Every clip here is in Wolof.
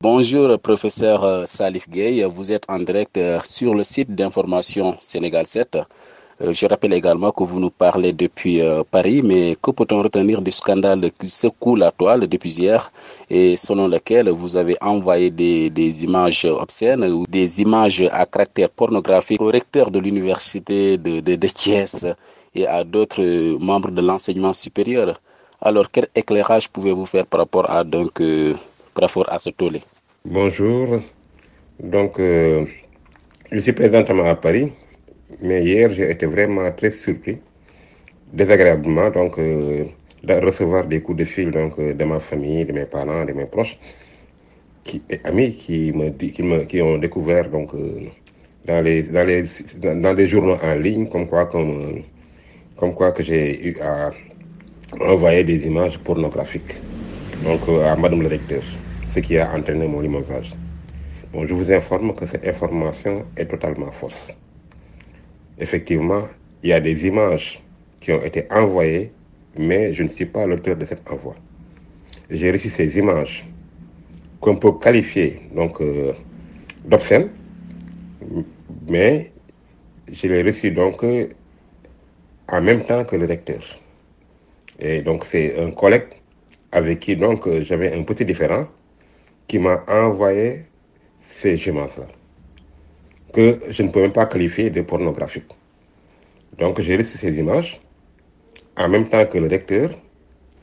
Bonjour, professeur euh, Salif Gueye. Vous êtes en direct euh, sur le site d'information Sénégal 7. Euh, je rappelle également que vous nous parlez depuis Paris, mais que peut-on retenir du scandale qui secoue la toile depuis hier et selon lequel vous avez envoyé des, des images obscènes ou des images à caractère pornographique au recteur de l'université de, de, de et à d'autres membres de l'enseignement supérieur? Alors, quel éclairage pouvez-vous faire par rapport à donc par à ce Bonjour. Donc, euh, je suis présentement à Paris, mais hier, j'ai été vraiment très surpris, désagréablement, donc, euh, de recevoir des coups de fil euh, de ma famille, de mes parents, de mes proches et amis qui, ont découvert donc, euh, dans, les, dans, les, journaux en ligne, comme quoi, comme quoi que j'ai eu à envoyer des images pornographiques donc, euh, à Madame le Recteur. ce qui a entraîné mon limogeage. Bon, je vous informe que cette information est totalement fausse. Effectivement, il y a des images qui ont été envoyées, mais je ne suis pas l'auteur de cet envoi. J'ai reçu ces images qu'on peut qualifier donc euh, mais je les reçu donc en même temps que le recteur. Et donc c'est un collègue avec qui donc j'avais un petit différent qui m'a envoyé ces gemences-là, que je ne peux même pas qualifier de pornographique. Donc j'ai reçu ces images, en même temps que le recteur,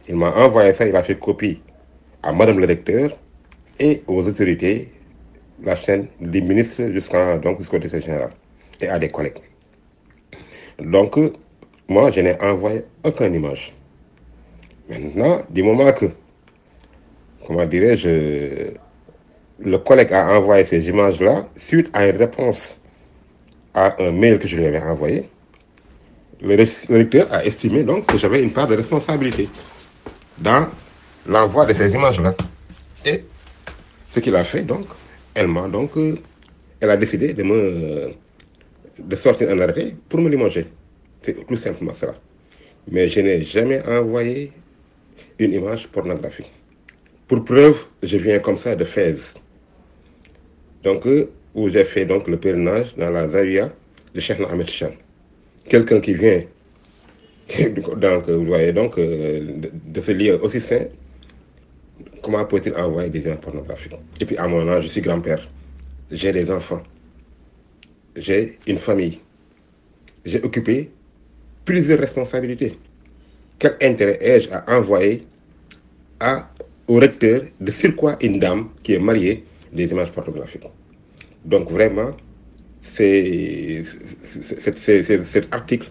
il m'a envoyé ça, il copie à Madame le recteur et aux autorités, la chaîne des ministres jusqu'à donc jusqu'au directeur et à des collègues. Donc moi je n'ai envoyé aucune image. Maintenant, du moment comment dirais-je, euh, le collègue a envoyé ces images-là suite à une réponse à un mail que je lui avais envoyé. Le, le a estimé donc que j'avais une part de responsabilité dans l'envoi de ces images Et ce qu'il a fait, donc, elle m'a donc, euh, elle a décidé de me, sortir un arrêté pour me limoger. C'est tout simplement cela. Mais je n'ai jamais envoyé une image pornographique. Pour preuve, je viens comme ça de Fès, donc, euh, où j'ai fait donc, le pèlerinage dans la Zawiya de Cheikh Ahmed Chan. Quelqu'un qui vient, donc, euh, vous voyez, donc, euh, de ce lieu aussi sain, comment peut-il envoyer des gens pornographiques Et puis, à mon âge, je suis grand j'ai des enfants, j'ai une famille, j'ai occupé plusieurs responsabilités. Quel intérêt ai-je à envoyer au recteur, de surcroît une dame qui est mariée, des images pornographiques. Donc vraiment, c'est, cet article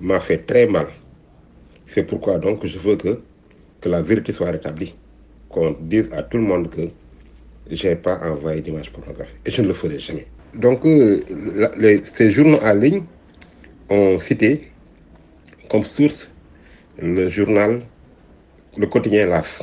m'a fait très mal. C'est pourquoi donc je veux que, la vérité soit rétablie, qu'on dise à tout le monde que je pas envoyé d'image pornographique et je ne le ferai jamais. Donc euh, la, les, ces journaux en ligne ont cité comme source le journal, le quotidien LAS.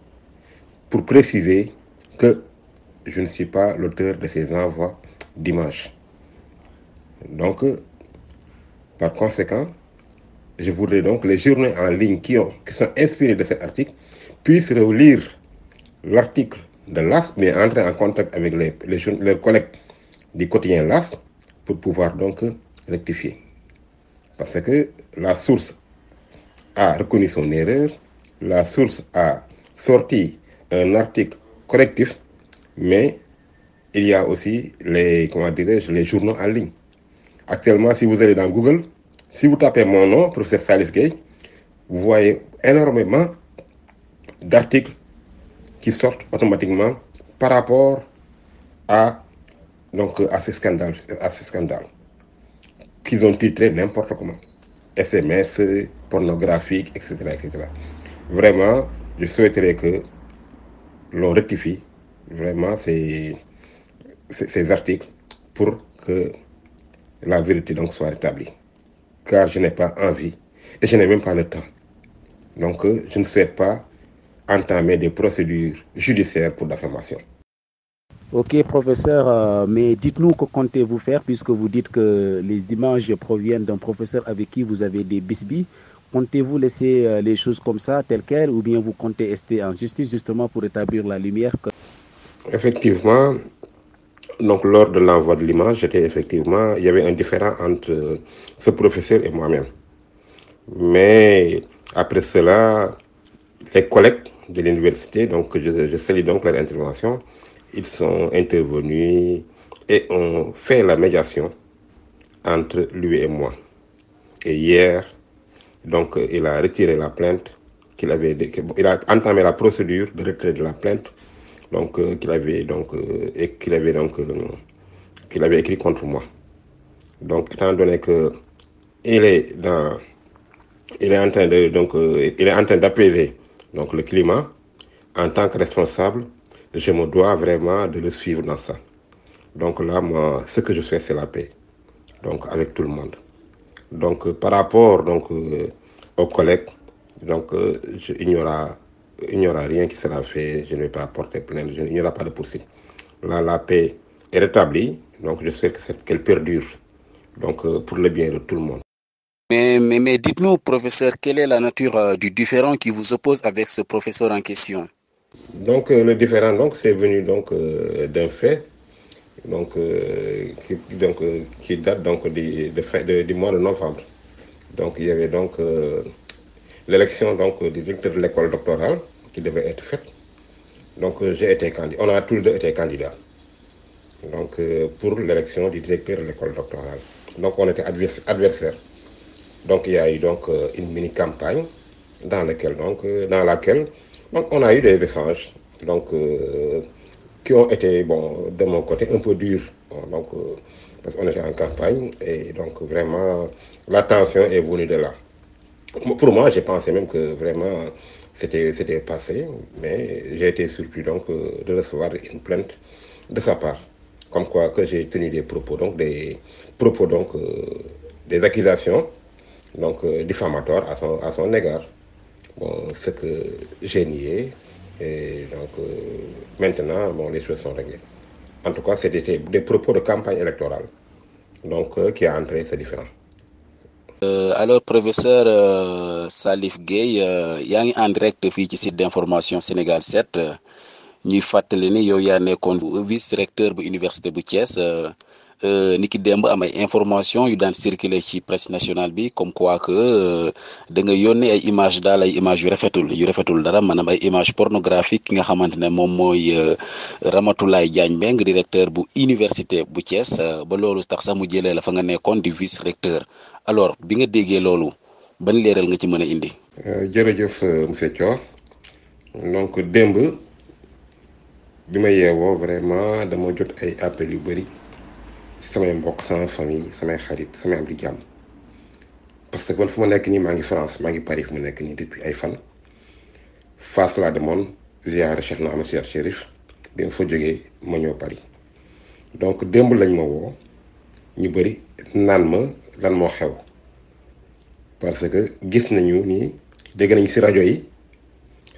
pour préciser que je ne suis pas l'auteur de ces envois d'images. Donc, par conséquent, je voudrais donc les journaux en ligne qui, ont, qui sont inspirés de cet article puissent relire l'article de l'AS, mais entrer en contact avec les, les, leurs collègues du quotidien l'AS pour pouvoir donc rectifier. Parce que la source a reconnu son erreur, la source a sorti un article correctif, mais il y a aussi les, comment les journaux en ligne. Actuellement, si vous allez dans Google, si vous tapez mon nom, professeur Salif Gay, vous voyez énormément d'articles qui sortent automatiquement par rapport à, donc, à ces scandales, à ces scandales qu'ils ont titré n'importe comment. SMS, pornographique, etc., etc. Vraiment, je souhaiterais que l'on rectifie vraiment ces, ces, ces, articles pour que la vérité donc soit rétablie. Car je n'ai pas envie et je n'ai même pas le temps. Donc euh, je ne souhaite pas entamer des procédures judiciaires pour l'affirmation. Ok, professeur, euh, mais dites-nous que comptez-vous faire puisque vous dites que les images proviennent d'un professeur avec qui vous avez des bisbis. Comptez-vous laisser euh, les choses comme ça, telles quelles, ou bien vous comptez rester en justice justement pour établir la lumière que... Effectivement, donc lors de l'envoi de l'image, j'étais effectivement, il y avait un différend entre euh, ce professeur et moi-même. Mais après cela, les collègues de l'université, donc je, je, salue donc leur intervention, ils sont intervenus et ont fait la médiation entre lui et moi. hier, Donc, euh, il a retiré la plainte qu'il avait, il a entamé la procédure de retrait de la plainte, donc euh, qu'il avait donc euh, et qu'il donc euh, qu'il avait écrit contre moi. Donc, étant donné que il est dans, il est en train donc euh, il est en train d'apaiser le climat. En tant que responsable, je me dois vraiment de le suivre dans Donc là, moi, ce que je souhaite, c'est la paix. Donc, avec tout le monde. Donc, euh, par rapport donc, euh, aux collègues, donc, euh, je, il n'y aura, aura, rien qui sera fait. Je ne vais pas porter plainte. Je, il pas de poursuite. Là, la paix est rétablie. Donc, je sais qu'elle perdure. Donc, pour le bien de tout le monde. Mais, mais, mais dites-nous, professeur, quelle est la nature du différent qui vous oppose avec ce professeur en question Donc, le différent, donc, c'est venu donc euh, d'un fait donc euh, qui donc euh, qui date donc du de fin de, du mois de novembre donc il y avait donc euh, l'élection donc du directeur de l'école doctorale qui devait être faite donc euh, j'ai été candidat on a tous deux été candidats donc euh, pour l'élection du directeur de l'école doctorale donc on était adversaires donc il y a eu donc une mini campagne dans laquelle donc dans laquelle donc on a eu des échanges donc qui ont été, bon, de mon côté, un peu durs. Bon, euh, parce qu'on était en campagne et donc vraiment, la tension est venue de là. Pour moi, j'ai pensé même que vraiment, c'était, c'était passé, mais j'ai été surpris donc euh, de recevoir une plainte de sa part. Comme quoi que j'ai tenu des propos, donc des donc euh, des accusations, donc euh, diffamatoires à son, à son égard. Bon, ce que j'ai nié, Et donc, euh, maintenant, bon, les choses sont réglées. En tout cas, c'était des propos de campagne électorale donc, euh, qui a entré ces différents. Euh, alors, professeur euh, Salif Gueye euh, yaa ngi en direct fii ci site d'information Sénégal 7 ñuy fàttali ni yow yaa nekkoon vice recteur bu université bu Thiès. Euh, ni ki démb am ay information yu daan circuler ci presse national bi comme quoi que euh, da nga yónnee ay image daal ay image yu rafetul yu rafetul dara maanaam ay image pornographique ki nga xamante ne moom mooy euh, Ramatoulaye Diagne Mbengue directeur bu université bu Thiès ba loolu tax sax mu jëlee la fa nga nekkoon di vice recteur alors bi nga déggee loolu ban leeral nga ci mën a indi jërëjëf mu Thior donc démb bi ma yeewoo vraiment dama jot ay appel yu bëri samay mbokk sama yi samay xarit samay am di jàmm parce que man fu ma nekk nii maa ngi France maa ngi Paris fu ma nekk nii depuis ay fan Fass laa demoon ziyaare Cheikh na Ahmed Seydi Chérif bi ma fa jógee ma ñëw Paris donc démb lañ ma woo ñu bëri naan ma lan moo xew parce que gis nañu ni dégg nañu ci rajo yi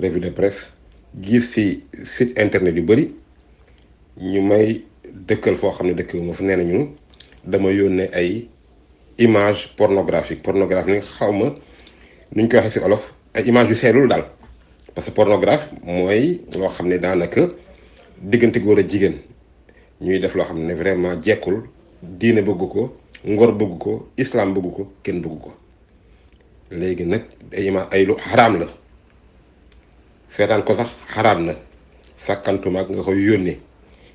revue de presse gis ci site internet yu bëri ñu may dëkkal foo xam ne dëkk moo fi nee nañu dama yónnee ay image pornographique pornographe ni xaw ma nuñ koy waxee si olof ay image yu seelul daal parce que pornographe mooy loo xam ne daanaka diggante góor a jigéen ñuy def loo xam ne vraiment jekkul diine bëgg ko ngor bëgg ko islam bëgg ko kenn bëgg ko léegi nag ay image ay xaraam la seetaan ko sax xaraam na sàkkantumaak nga koy yónnee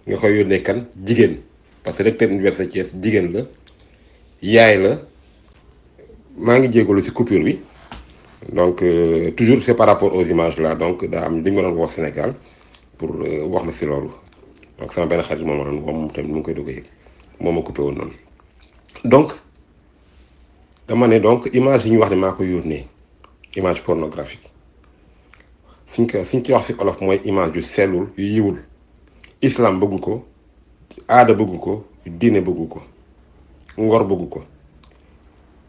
nga koy yónnee kan jigéen parce que recteur université jigéen la yaay la maa ngi jégalu ci coupure bi donc euh, toujours c'est par rapport au images là donc daa li ñu ma doon pour euh, wax na ci loolu donc sama benn xarit moom la doon wax ngi koy dugg yëg ma coupé woon noonu donc dama ne donc image yu ñu wax ne maa ko yónnee image pornographique suñ ko suñ ci wax si olof mooy image yu sellul yu yiwul islaam bëgg ko aada bëgg ko diine bëgg ko ngor bëgg ko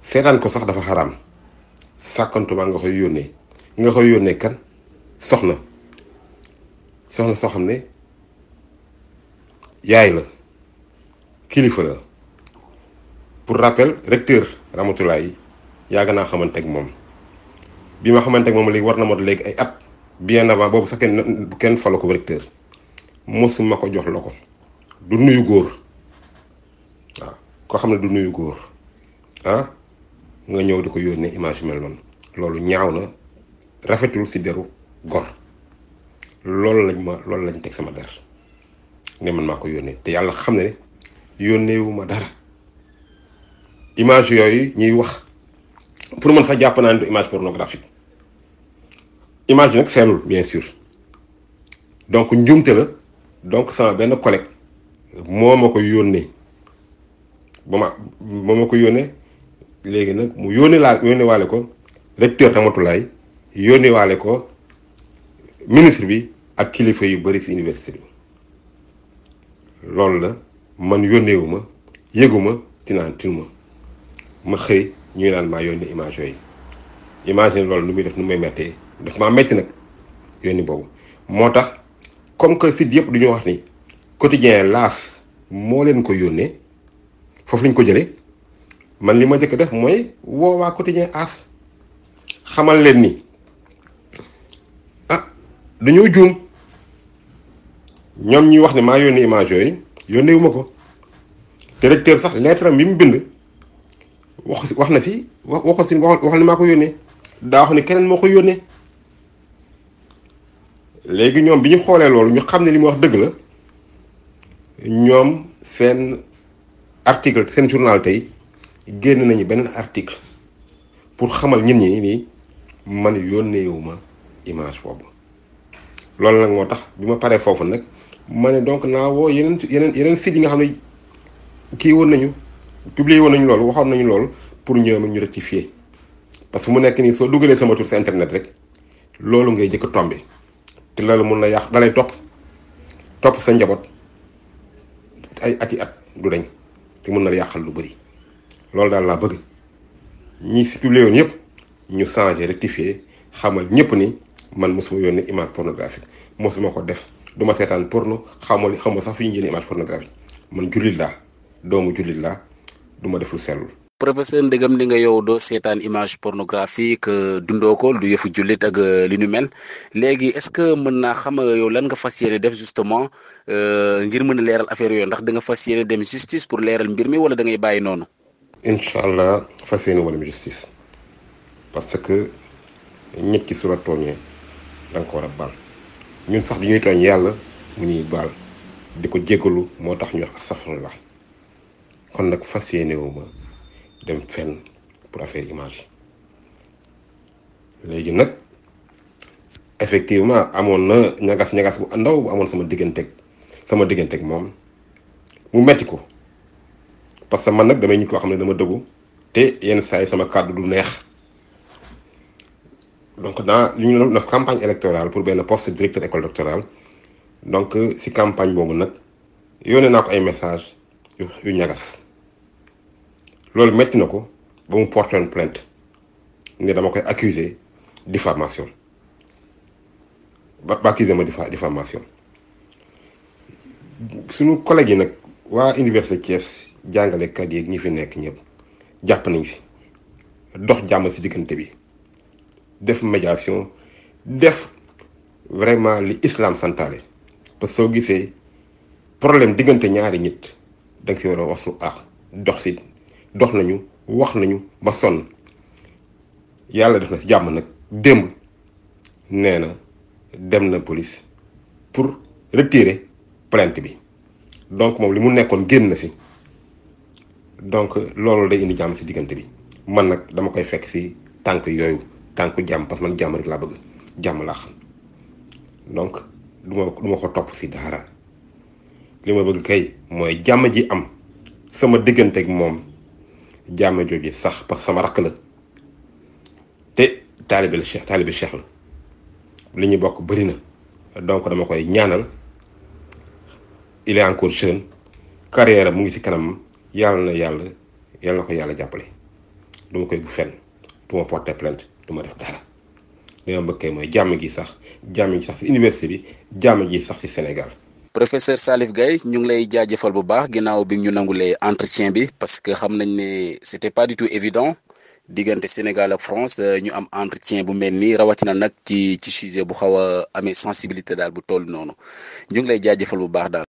seetaan ko sax dafa xaraam sàkkantuma nga koy yónnee nga koy yónnee kan soxna soxna soo xam ne yaay la kilifa la pour rappel recteur Ramatulaay yàgg naa xamante moom bi ma xamante moom léegi war na mot léegi ay at bien avant boobu sax kenn kenn falo ko recteur mosuma ko jox la ko du nuyu góor waaw koo xam ne du nuyu góor ah nga ñëw di ko yónnee image mel noonu loolu ñaaw na rafetul ci deru gor loolu lañ ma loolu lañ teg sama der ne man maa ko yónnee te yàlla xam ne ne yónneewu ma dara image yooyu ñuy wax pour man sax jàpp naa ne du image pornographique image nag seelul bien sûr donc njuumte la donc sama benn collègue moo ma ko yónnee ba ma moo ma ko yónnee léegi nag mu yónnee laa yónnee waale ko recteur Tamatulaay yónnee waale ko ministre bi ak kilifa yu bëri si université bi loolu la man yónneewu ma yëguma tinaan tinuma ma xëy ñuy naan maa yónnee image yooyu image loolu lu muy def nu may mettee daf maa metti nag yónni boobu moo tax comme que site yëpp du ñu wax ni quotidien laas moo leen ko yónnee foofu lañ ko jëlee man li ma njëkk def mooy woowaa quotidien as xamal leen ni ah dañoo juum ñoom ñuy wax ne maa yónnee image yooyu yónnee wu ko directeur sax lettre am bi mu bind wax wax na fi wax waxal si waxal ni maa ko yónnee daa wax ni keneen moo ko yónnee. léegi ñoom bi ñu xoolee loolu ñu xam ne li mu wax dëgg la ñoom seen article seen journal tey génn nañu beneen article pour xamal ñin ñi nii man ma image foofu loolu nag moo tax bi ma paree foofu nag ma ne donc naa woo yeneen yeneen yeneen sites yi nga xam ne kii woon nañu publié woon nañu loolu waxoon nañu loolu pour ñoom ñu rectifier parce que mu nekk nii soo dugalee sama tur si internet rek loolu ngay jëkk tombe te loolu mun na yàq dalay topp topp sa njaboot ay ati at du dañ te mun na yàqal lu bëri loolu daal laa bëgg ñi si publié woon yëpp ñu changé rectifié xamal ñëpp ni man mosuma yónnee image pornographique mosuma ko def duma seetaan porno xamul xamul sax fi ñu jëlee image pornographique man jullit laa doomu jullit laa duma def lu sellul professeur ndegam li nga yow doo seetaan image pornographique dundoo ko du yëfu jullit ak euh, li nu mel léegi est-ce que mën naa xam euh, yow lan nga fas yéene def justement euh, ngir mën a leeral affaire yooyu ndax da nga fas yéene dem justice pour leeral mbir mi wala da ngay bàyyi noonu. incha allah fas yéene ma dem justice parce que ñëpp ci su la tooñee da nga ko war a baal ñun sax bi ñuy tooñ yàlla mu ñuy baal di ko jégalu moo tax ñu wax astafurlah kon nag fas yéene dem fenn pour affaire image léegi nag effectivement amoon na ñagas ñagas bu ndaw bu amoon sama digganteeg sama digganteeg moom mu metti ko parce que man nag damay nit koo xam ne dama dëggu te yenn saa sama kàddu du neex donc dans li ñu def campagne électorale pour benn poste directeur école doctorale donc si campagne boobu nag yónnee naa ko ay message yu yu ñagas loolu métti na ko ba mu porté woon ne dama koy accuser diffamation ba ba accusé ma diffamation suñu collègues yi nag waa université Thiès jàngalekat yi ñi fi nekk ñëpp jàpp nañ fi dox jàmm si diggante bi def médiation def vraiment li islam santaale parce soo gisee problème diggante ñaari nit da nga ci war a wax su aax dox si dox nañu wax nañu ba sonn yàlla def na ci jàmm nag démb nee na dem na police pour retirer plainte bi donc moom li mu nekkoon génn na fi donc loolu day indi jàmm ci diggante bi man nag dama koy fekk ci tànk yooyu tànk jàmm parce que man jàmm rek laa bëgg jàmm laa xam donc du ma ko topp ci dara li ma bëgg kay mooy jàmm ji am sama diggante ak moom jàmm jooju sax parce que sama rakk la te taalibe la cheikh taalibe cheikh la li ñu bokk bari na donc dama koy ñaanal il est encore jeune carrière mu ngi ci kanam yàlla na yàlla yàlla na ko yàlla jàppale duma koy bu fenn du ma porter plainte du ma def dara li ma mooy jàmm gi sax jàmm gi sax ci université bi jàmm gi sax ci Sénégal professeur Salif Gaye ñu ngi lay jaajëfal bu baax ginnaaw bi ñu nangulee entretien bi parce que xam nañ ne c'était pas du tout évident diggante Sénégal ak France euh, ñu am entretien bu mel nii rawatina nag ci ci sujet bu xaw a amee sensibilité daal bu toll noonu ñu ngi lay jaajëfal bu baax daal.